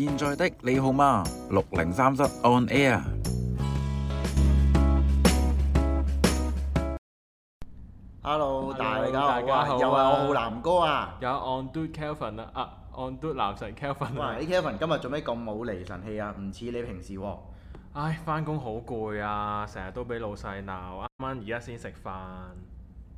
現在的你好嗎？六零三室 On Air。Hello，大家好，又係我浩南哥啊。有 On Dude Calvin 啊，啊 On Dude 男神 Calvin 啊。哇，Calvin 今日做咩咁冇嚟神氣啊？唔似你平時。唉，翻工好攰啊，成日都俾老細鬧。啱啱而家先食飯。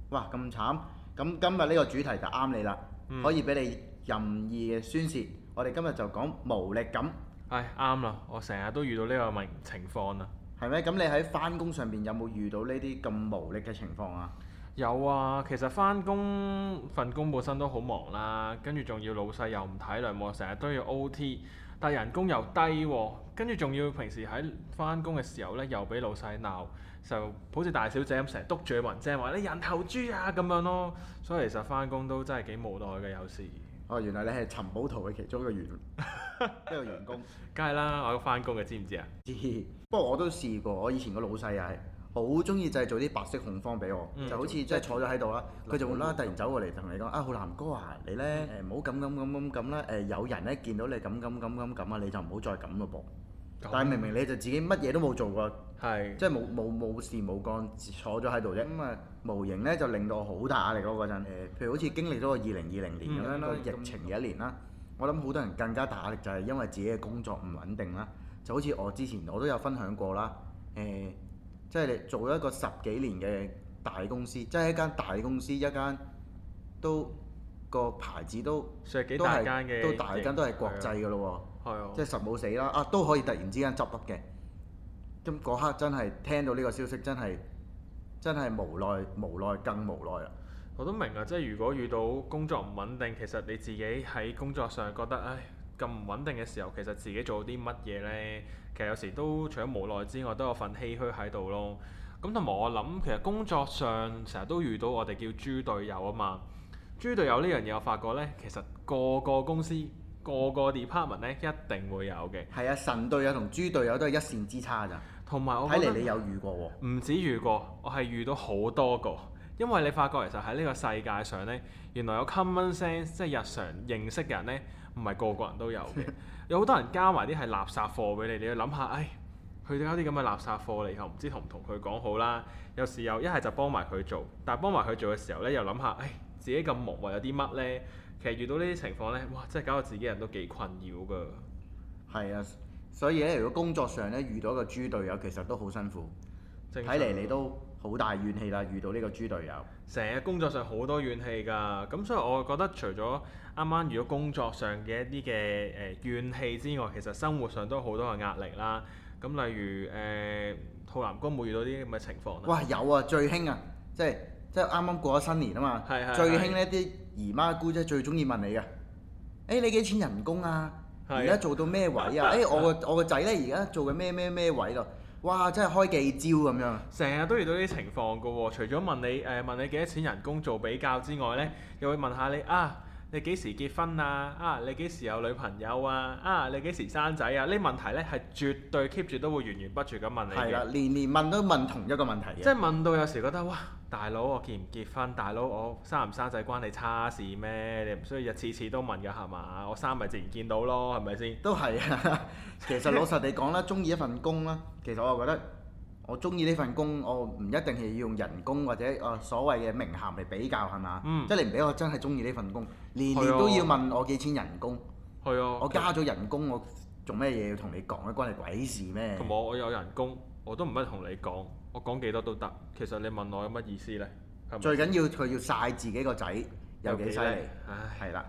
哇，咁慘。咁今日呢個主題就啱你啦，可以俾你任意嘅宣洩。我哋今日就講無力感。唉，啱啦，我成日都遇到呢個問情況啦。係咩？咁你喺翻工上面有冇遇到呢啲咁無力嘅情況啊？有啊，其實翻工份工本身都好忙啦，跟住仲要老細又唔體諒我，成日都要 OT，但係人工又低，跟住仲要平時喺翻工嘅時候呢，又俾老細鬧，就好似大小姐咁，成日督住人，即係話你人頭豬啊咁樣咯。所以其實翻工都真係幾無奈嘅，有時。哦，原來你係尋寶圖嘅其中一個員， 一個員工。梗係啦，我要翻工嘅，知唔知啊？嘻嘻，不過我都試過，我以前個老細又係好中意就係做啲白色恐怖俾我，嗯、就好似即係坐咗喺度啦，佢、嗯、就會啦突然走過嚟同你講：嗯、啊，浩南哥啊，你咧誒唔好咁咁咁咁咁啦誒，有人咧見到你咁咁咁咁咁啊，你就唔好再咁咯噃。但係明明你就自己乜嘢都冇做過，是即係冇冇冇事冇幹，坐咗喺度啫。咁啊為，無形咧就令到我好大壓力咯。嗰陣、呃、譬如好似經歷咗個二零二零年咁樣個疫情嘅一年啦。嗯、我諗好多人更加大壓力就係因為自己嘅工作唔穩定啦。就好似我之前我都有分享過啦。誒、呃，即係你做一個十幾年嘅大公司，即、就、係、是、一間大公司，一間都個牌子都算係幾大間嘅都大間都係國際嘅咯喎。係啊！ 即係實冇死啦啊，都可以突然之間執笠嘅。咁、嗯、嗰刻真係聽到呢個消息，真係真係無奈、無奈更無奈啊 ！我都明啊，即係如果遇到工作唔穩定，其實你自己喺工作上覺得唉咁唔穩定嘅時候，其實自己做啲乜嘢呢？其實有時都除咗無奈之外，都有份唏噓喺度咯。咁同埋我諗，其實工作上成日都遇到我哋叫豬隊友啊嘛。豬隊友呢樣嘢，我發覺呢，其實個個公司。個個 department 咧一定會有嘅。係啊，神隊友同豬隊友都係一線之差咋。同埋我睇嚟你有遇過喎。唔止遇過，我係遇到好多個。因為你發覺其實喺呢個世界上呢，原來有 common sense，即係日常認識嘅人呢，唔係個個人都有嘅。 有好多人加埋啲係垃圾貨俾你，你要諗下，唉、哎，佢哋交啲咁嘅垃圾貨你又唔知同唔同佢講好啦。有時候一係就幫埋佢做，但係幫埋佢做嘅時候呢，又諗下，唉、哎，自己咁忙，有啲乜呢？其實遇到呢啲情況呢，哇！真係搞到自己人都幾困擾㗎。係啊，所以咧，如果工作上咧遇到個豬隊友，其實都好辛苦。睇嚟確你都好大怨氣啦，遇到呢個豬隊友。成日工作上好多怨氣㗎，咁所以我覺得除咗啱啱遇到工作上嘅一啲嘅誒怨氣之外，其實生活上都好多嘅壓力啦。咁例如誒、呃，浩南哥冇遇到啲咁嘅情況？哇！有啊，最興啊，即係即係啱啱過咗新年啊嘛。最興呢啲。是姨媽姑姐最中意問你嘅，誒、欸、你幾錢人工啊？而家是的 做到咩位啊？誒、 欸、我個我個仔咧而家做緊咩咩咩位咯、啊？哇！真係開幾招咁樣，成日都遇到啲情況嘅喎。除咗問你誒、呃、問你幾多錢人工做比較之外咧，又會問下你啊。你幾時結婚啊？啊，你幾時有女朋友啊？啊，你幾時生仔啊？呢問題呢，係絕對 keep 住都會源源不絕咁問你嘅。係啦，年年問都問同一個問題。即係問到有時覺得哇，大佬我結唔結婚？大佬我生唔生仔關你叉事咩？你唔需要日次次都問嘅係嘛？我生咪自然見到咯，係咪先？都係啊，其實老實地講啦，中意 一份工啦，其實我又覺得。我中意呢份工，我唔一定係要用人工或者啊所謂嘅名銜嚟比較，係嘛？嗯、即係你唔俾我真係中意呢份工，年年都要問我幾錢人工？係啊、嗯，我加咗人工，嗯、我做咩嘢要同你講咧？關你鬼事咩？同我有人工，我都唔乜同你講，我講幾多都得。其實你問我有乜意思呢？係係最緊要佢要晒自己個仔有幾犀利，係啦。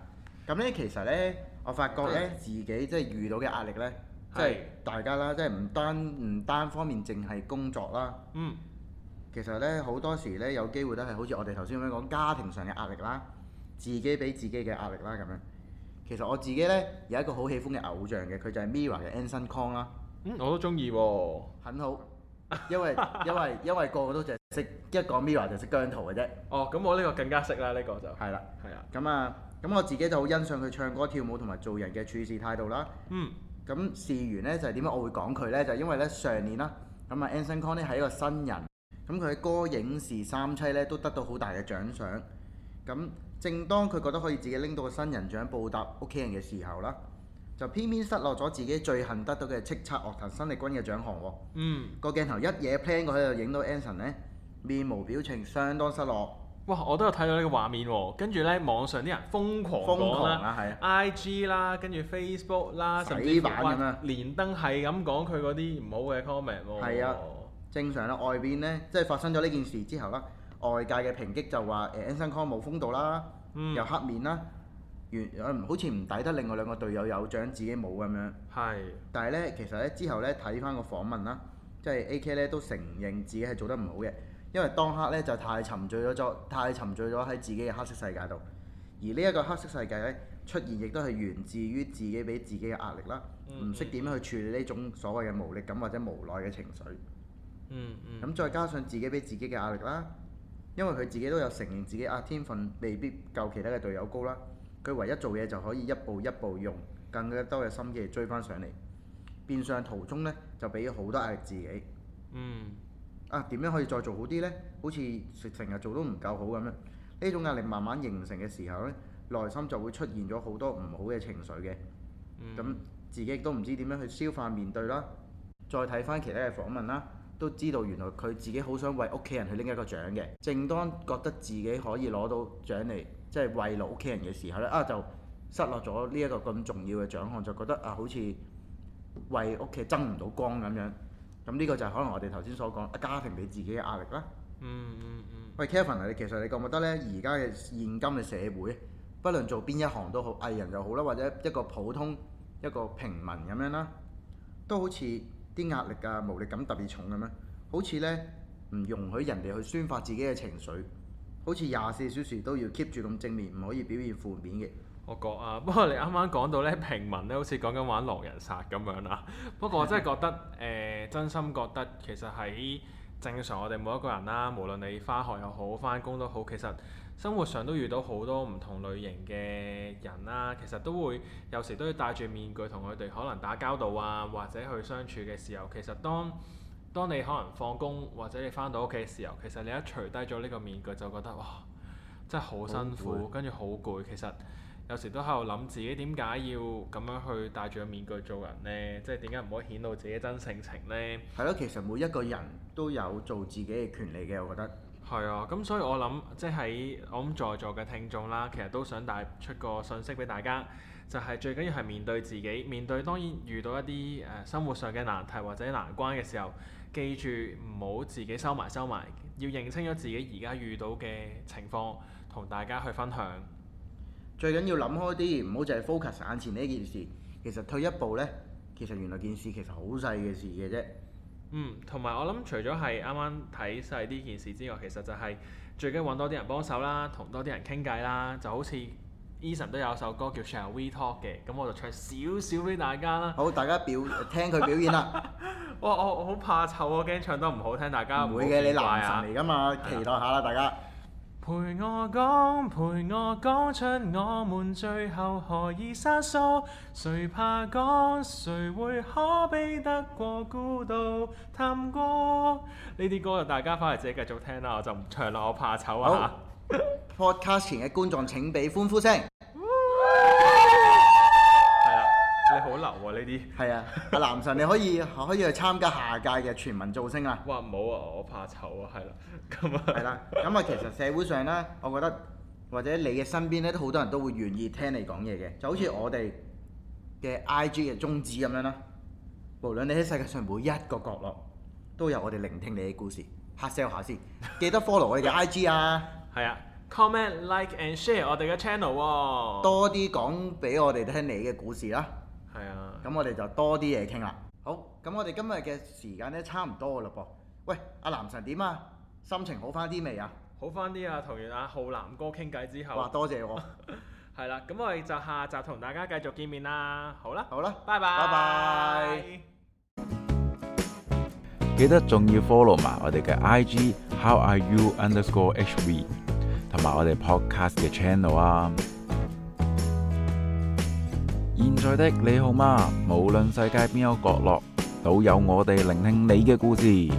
咁咧其實咧，我發覺咧自己即係遇到嘅壓力咧。即係大家啦，即係唔單唔單方面淨係工作啦。嗯，其實咧好多時咧有機會都係好似我哋頭先咁樣講家庭上嘅壓力啦，自己俾自己嘅壓力啦咁樣。其實我自己咧有一個好喜歡嘅偶像嘅，佢就係 MIRROR 嘅 Anson Kong 啦。嗯，我都中意喎。很好，因為 因為因為，因為個個都淨係識一個 MIRROR 就識姜濤嘅啫。哦，咁我呢個更加識啦，呢、這個就係啦，係啦。咁啊啦，咁我自己就好欣賞佢唱歌跳舞同埋做人嘅處事態度啦。嗯。咁事完咧，就係點解我會講佢咧？就係、因為咧上年啦，咁啊 Anson Kong 咧，係一個新人，咁佢喺歌、影、視三棲咧都得到好大嘅獎賞。咁正當佢覺得可以自己拎到個新人獎報答屋企人嘅時候啦，就偏偏失落咗自己最恨得到嘅叱咤樂壇新力軍嘅獎項喎。嗯，個鏡頭一嘢 plan 過喺度影到 Anson 咧，面無表情，相當失落。哇！我都有睇到呢個畫面喎，跟住咧網上啲人瘋狂講啊 IG 啦，跟住 Facebook 啦，啦甚至連登係咁講佢嗰啲唔好嘅 comment 喎。係啊，正常啦，外邊咧即係發生咗呢件事之後啦，外界嘅抨擊就話誒 Anson Kong 冇風度啦，又、嗯、黑面啦，完好似唔抵得另外兩個隊友有獎自己冇咁樣。係是。但係咧，其實咧之後咧睇翻個訪問啦，即係 AK 咧都承認自己係做得唔好嘅。因為當刻咧就太沉醉咗，作太沉醉咗喺自己嘅黑色世界度，而呢一個黑色世界咧出現，亦都係源自於自己俾自己嘅壓力啦，唔識點樣去處理呢種所謂嘅無力感或者無奈嘅情緒。嗯嗯。咁、嗯、再加上自己俾自己嘅壓力啦，因為佢自己都有承認自己啊天分未必夠其他嘅隊友高啦，佢唯一做嘢就可以一步一步用更加多嘅心機追翻上嚟。變相途中呢，就俾好多壓力自己。嗯。啊，點樣可以再做好啲呢？好似成日做都唔夠好咁樣，呢種壓力慢慢形成嘅時候咧，內心就會出現咗好多唔好嘅情緒嘅。咁、嗯嗯、自己亦都唔知點樣去消化面對啦。再睇翻其他嘅訪問啦，都知道原來佢自己好想為屋企人去拎一個獎嘅。正當覺得自己可以攞到獎嚟，即、就、係、是、為老屋企人嘅時候咧，啊就失落咗呢一個咁重要嘅獎項，就覺得啊好似為屋企爭唔到光咁樣。咁呢個就係可能我哋頭先所講啊，家庭俾自己嘅壓力啦。嗯。嗯嗯嗯。喂，Calvin 啊，你其實你覺唔覺得咧？而家嘅現今嘅社會，不論做邊一行都好，藝人又好啦，或者一個普通一個平民咁樣啦，都好似啲壓力啊、無力感特別重咁樣，好似咧唔容許人哋去宣發自己嘅情緒，好似廿四小時都要 keep 住咁正面，唔可以表現負面嘅。我覺啊，不過你啱啱講到咧，平民咧好似講緊玩狼人殺咁樣啦、啊。不過我真係覺得誒、 呃，真心覺得其實喺正常我哋每一個人啦、啊，無論你翻學又好，翻工都好，其實生活上都遇到好多唔同類型嘅人啦、啊。其實都會，有時都要戴住面具同佢哋可能打交道啊，或者去相處嘅時候，其實當當你可能放工或者你翻到屋企嘅時候，其實你一除低咗呢個面具，就覺得哇，真係好辛苦，跟住好攰。其實～有時都喺度諗自己點解要咁樣去戴住個面具做人呢？即係點解唔可以顯露自己真性情呢？係咯，其實每一個人都有做自己嘅權利嘅，我覺得。係啊，咁所以我諗，即係我諗在座嘅聽眾啦，其實都想帶出個訊息俾大家，就係最緊要係面對自己，面對當然遇到一啲誒生活上嘅難題或者難關嘅時候，記住唔好自己收埋收埋，要認清咗自己而家遇到嘅情況，同大家去分享。最緊要諗開啲，唔好淨係 focus 眼前呢件事。其實退一步呢，其實原來件事其實好細嘅事嘅啫。嗯，同埋我諗，除咗係啱啱睇晒呢件事之外，其實就係最緊要揾多啲人幫手啦，同多啲人傾偈啦。就好似 Eason 都有首歌叫 Shall We Talk 嘅，咁我就唱少少俾大家啦。 好，大家表聽佢表演啦。 我我我好怕醜啊，驚唱得唔好聽。大家唔會嘅，會你男神嚟噶嘛，吧期待下啦，大家。 陪我講，陪我講出我們最後何以生疏。誰怕講，誰會可悲得過孤獨？探戈，呢啲歌就大家翻嚟自己繼續聽啦，我就唔唱啦，我怕醜啊！好，Podcast 前嘅觀眾請俾歡呼聲。係啊，阿 男神你可以可以去參加下屆嘅全民造星啦。哇，唔好啊，我怕醜啊，係啦，咁啊， 係啦，咁啊，其實社會上咧，我覺得或者你嘅身邊咧，都好多人都會願意聽你講嘢嘅，就好似我哋嘅 IG 嘅宗旨咁樣啦。無論你喺世界上每一個角落，都有我哋聆聽你嘅故事。黑 sell 下先，記得 follow 我哋嘅 IG 啊。係啊，comment、like and share 我哋嘅 channel 喎。多啲講俾我哋聽你嘅故事啦。係啊。咁我哋就多啲嘢傾啦。好，咁我哋今日嘅時間咧，差唔多嘅喇噃。喂，阿、啊、男神點啊？心情好翻啲未啊？好翻啲啊！同完阿浩南哥傾偈之後，哇！多謝我。係啦， 咁我哋就下集同大家繼續見面啦。好啦，好啦，拜拜。拜拜。記得仲要 follow 埋我哋嘅 IG How Are You Underscore HV，同埋我哋 Podcast 嘅 channel 啊。現在的你好嗎？無論世界邊一個角落，都有我哋聆聽你嘅故事。